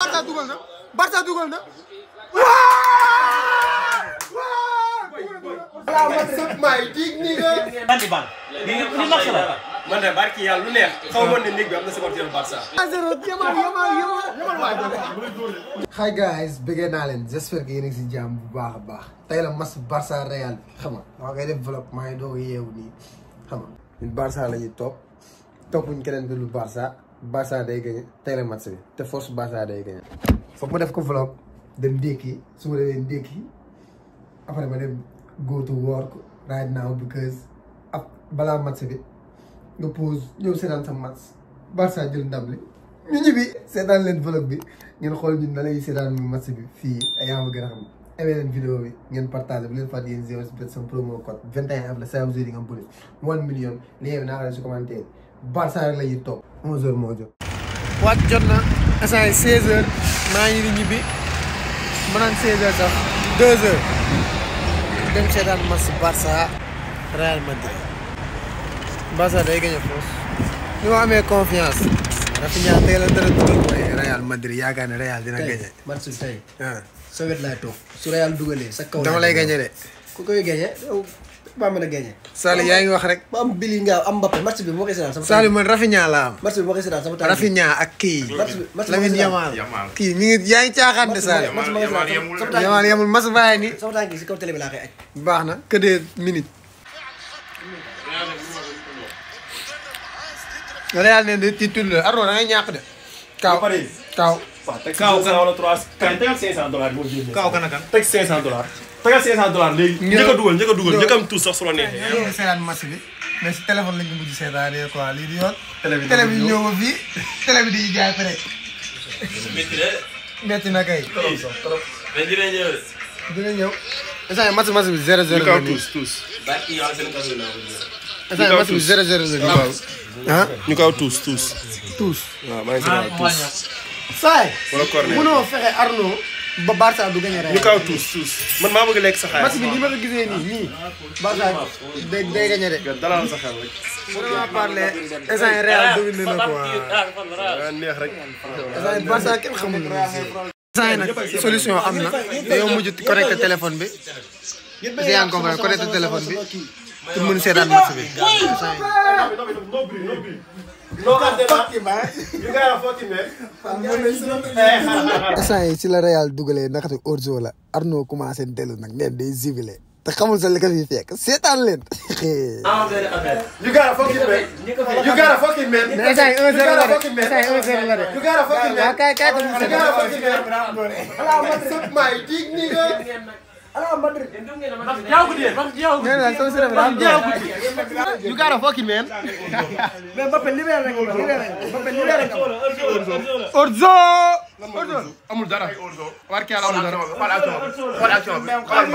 Barca dugal ganda, Barca ganda. hi guys Big Allen. Just for getting this jam, ngi si jàmm must Barca Real Come on, I'm gonna koy vlog my ngi doog yeewu nii Come on, in Barca. la ñuy Barça day gagné tey la bi te force Barça day gagné. foog ma def ko vlog dem ndékki su ma demee ndékki après ma dem go to work right now because ab balaa match bi nga pause ñëw seetaan sa match Barça jël ndam li ñu ñibbi seetaan leen vlog bi ngeen xool ñun na lay seetaan match bi fii yaa ma gën a xam amee leen bi ngeen partagé bu leen fàtte yéen zéro bet sama promo code 21 avril saa yu nga am bonus 1 million li ngeen naa la ñuy topp onze heures moo jot wàcc jot na instant yi seize heures maa ngi di ñibbi ma naan seize heures sax deux heures dem seetaan match Barça Real Madrid Barça day gagné foos ni ma amee confiance Rafinha tey Real Madrid yaakaar ne Real dina gagné match bi tey ah. sa wet laay toog su Real dugalee sa kaw lay gagné de ku koy gagné Ba mën a gagné Saliou yaa ngi wax rek ba am Billy Ngaaw am Mbappé match bi moo koy seetaan sama Saliou man Rafinha la am match bi saya ingin seetaan sama tànk Rafinha ak kii Lamine Yamal kii mi ngi yaa ngi Saya de Saliou Yamal yamul mas bàyyi ni sama tànk si kaw télé bi laa koy aj baax Saya que des minutes Real ne de ci tudd Arnaud da ngay ñàkk de Kaaw Kaaw Kaaw kan wala 3 kan saya. 500 dollars boo jëlee Kaaw kan ak kan teg 500 dollars pagal 500 dollars léegi. njëkk a dugal njëkk a dugal a di yoon. télé bi télé bi ñëw ba di jaay pare. métti na métti na kay. ñu kaw tuus tuus tuus. Ah, saay. wala fexe Arnaud. ba Barça du gagné Real. lekk sa xaalis. bi ni ma ko gisee nii nii. Barça day day gagné de. kenn xamul nag solution am na dañoo mujj connecté téléphone bi. parce que yaa téléphone bi. pour mën seetaan match bi. non man de la eh, yi ci la Real dugalee naka te Orzo la Arnaud commencé dellu nag neen day zibilé te xamul sa li ko fi fekk seetaan leen. ah benn ah, affaire. you gotta fucking man. Ala Madrid. You got a fucking man. Mbappé libéré rek, libéré rek. Mbappé libéré rek. Orzo. Orzo. Amul dara. Barke Yàlla amul dara. Xool action. Xool action.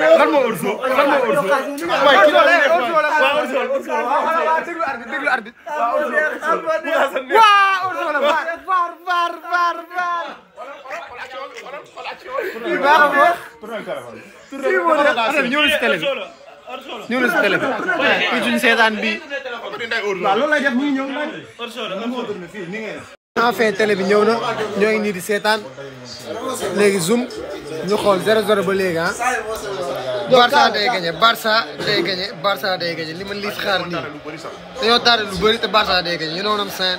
Lan moo Orzo? Lan moo Orzo? Waay ki la lay Orzo la. Waaw Orzo. Waaw déglu arbitre, déglu arbitre. Waaw Orzo la. Var var var var. Xool action. Xool action. ñëw si télé bi ñëw si bi. ku suñu seetaan bi. waaw loolu lay def ñu bi ñëw na ñoo ngi nii di seetaan léegi zoom ñu xool 0-0 ba léegi ah. Barça day gagné Barça day gagné li ma liis xaar nii dañoo taare lu bëri te Barça day gagné ñu ne woon seen.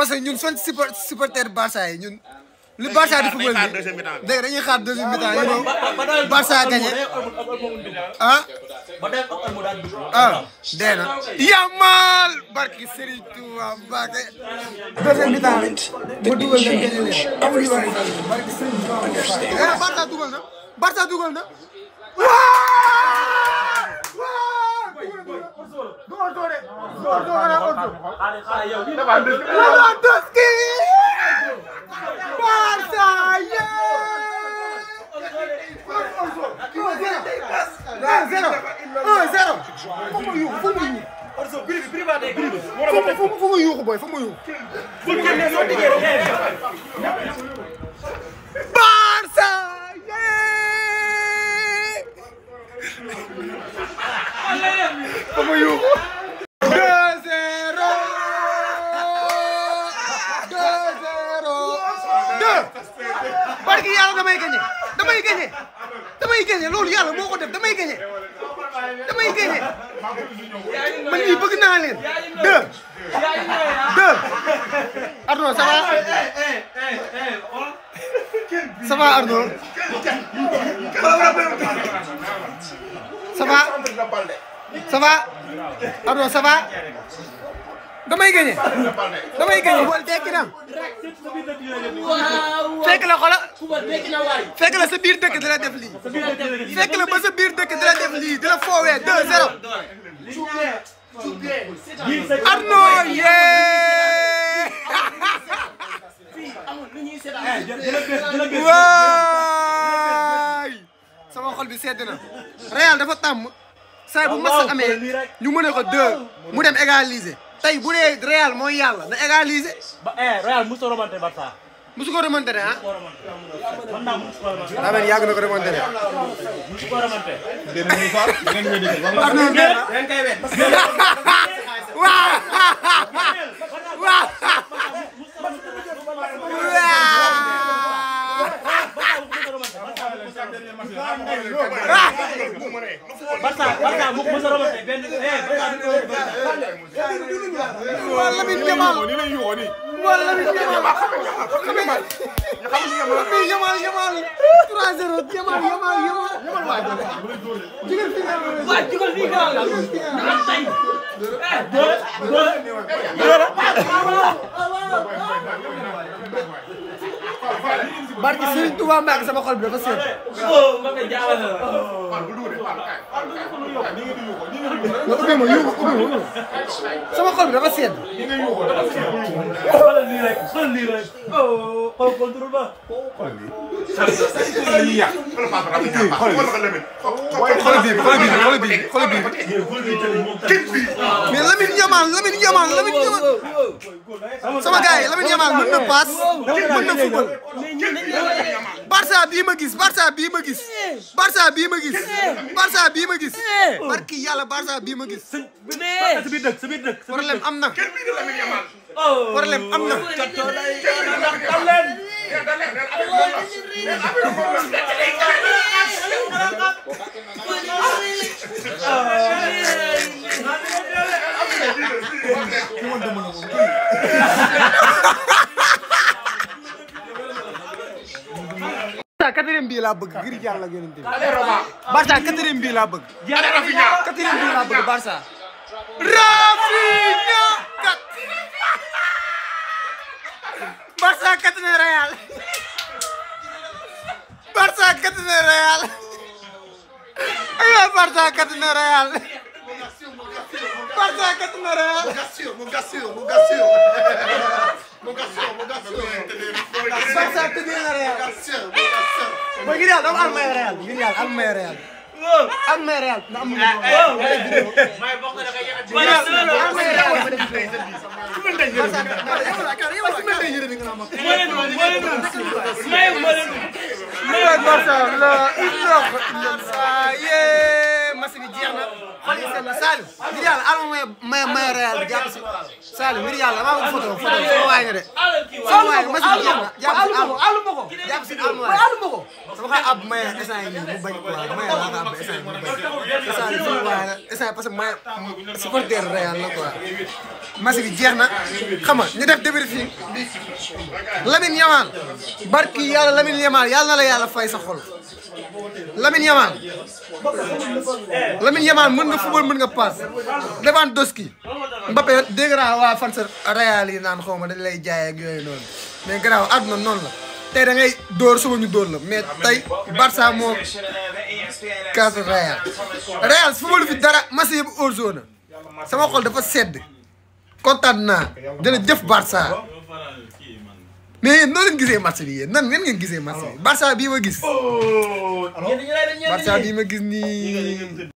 parce que ñun suñ support supporter Barça yi ñun. li Barça di football bi léegi dañuy xaar deuxième mi-temps yi ñëw Barça gagné ah ah dee na. Yamal barki Serigne Touba Mbacké deuxième mi-temps bi mu dugal na gagné leen amul yoon barki Serigne Touba Mbacké Barça dugal na Barça dugal na. orto de. orto nga naan orto. Lewandowski. Barça yee. orso biri biri baa dee. biri bi fu mu fu mu yuuxu booy fu mu yuuxu. bu kenn soo diggee. Barça. Como you. parce que yàlla damay gagné damay gagné damay gagné loolu yàlla moo ko def damay gagné damay gagné man ñii bëgg naa leen deux deux Arnaud ça va ça va Ardo ça va damay gagné damay gagné football tekki na fekk la xola fekk la sa biir dëkk dala def lii fekk la ba sa biir dëkk dala def lii dala foowee 2-0 Ardo yee waay sama xol bi sedd na Real dafa tàmm saa bu match amee ñu mëne ko deux mu dem égaliser tey bu dee Real mooy yàlla ba eh Real musu remonté Barça. musu ko remonté ne ah. a naa musu ko a daa mel ni yàgg na ko remonté ne ah. musu ko remonté. woo nii. wala la ñu demal ma xam nga xam nga xam nga barki Serigne Touba Mbacke sama xol bi dafa seet. ma koy jaaxal la. ubbi ma yu ubbi ma sama xol bi dafa seet. xoolal lii rek xoolal lii rek. xool xool duru ba. xool lii. xool bii xool bii mais Lamine Yamal Lamine Yamal Lamine Yamal sama gars yi Lamine Yamal mën na paas mën na football Barça bi ma gis Barça bi ma gis. Barça bi ma gis. Barça bi ma gis. barki yalla Barça bi ma gis. problème amna, na. problème am na. bii laa bëgg ngir yàlla ak yonent bi. Barça quatrième bii laa bëgg. Rafinha quatrième bii laa Barça. Rafinha. Barça quatrième Real. Barça quatrième Real. aywa Barça quatrième Real. Barça quatrième Real. vocation vocation. vocation dama almay Real ngir yàlla almay Real. almay Real na am na. waaw waaw waaw waaw match bi jeex na xol yi seen na Saliou ngir yàlla alma may may may Real bi jàpp si Saliou ngir yàlla maa ngi photo photo sama waay nga de sama waay match bi jeex na jàpp si alma jàpp si alma waay sama xay ab may instant yi mu bañ quoi may laa ko ab instant yi mu bañ instant yi sama waay la instant parce que may supporter Real la quoi match bi jeex na xam nga ñu def débriefing Lamine Yamal barki yàlla Lamine Yamal yàlla na la yàlla fay sa xol Lamine Yamal Lamine Yamal mën nga football mën nga pass Lewandowski Mbappé dégg naa waa fan sa yi naan xaw ma dañ lay jaay ak yooyu noonu mais garaaw àdduna noonu la tey da ngay dóor suba ñu dóor la mais tey Barça moo casse Real Real football fi dara match yëpp hors zone sama xol dafa sedd kontaan naa jërëjëf Barça mais noo leen gisee match bi yéen nan ngeen ngeen gisee match bi Barça bii ma gis oh! Barça bii ma gis nii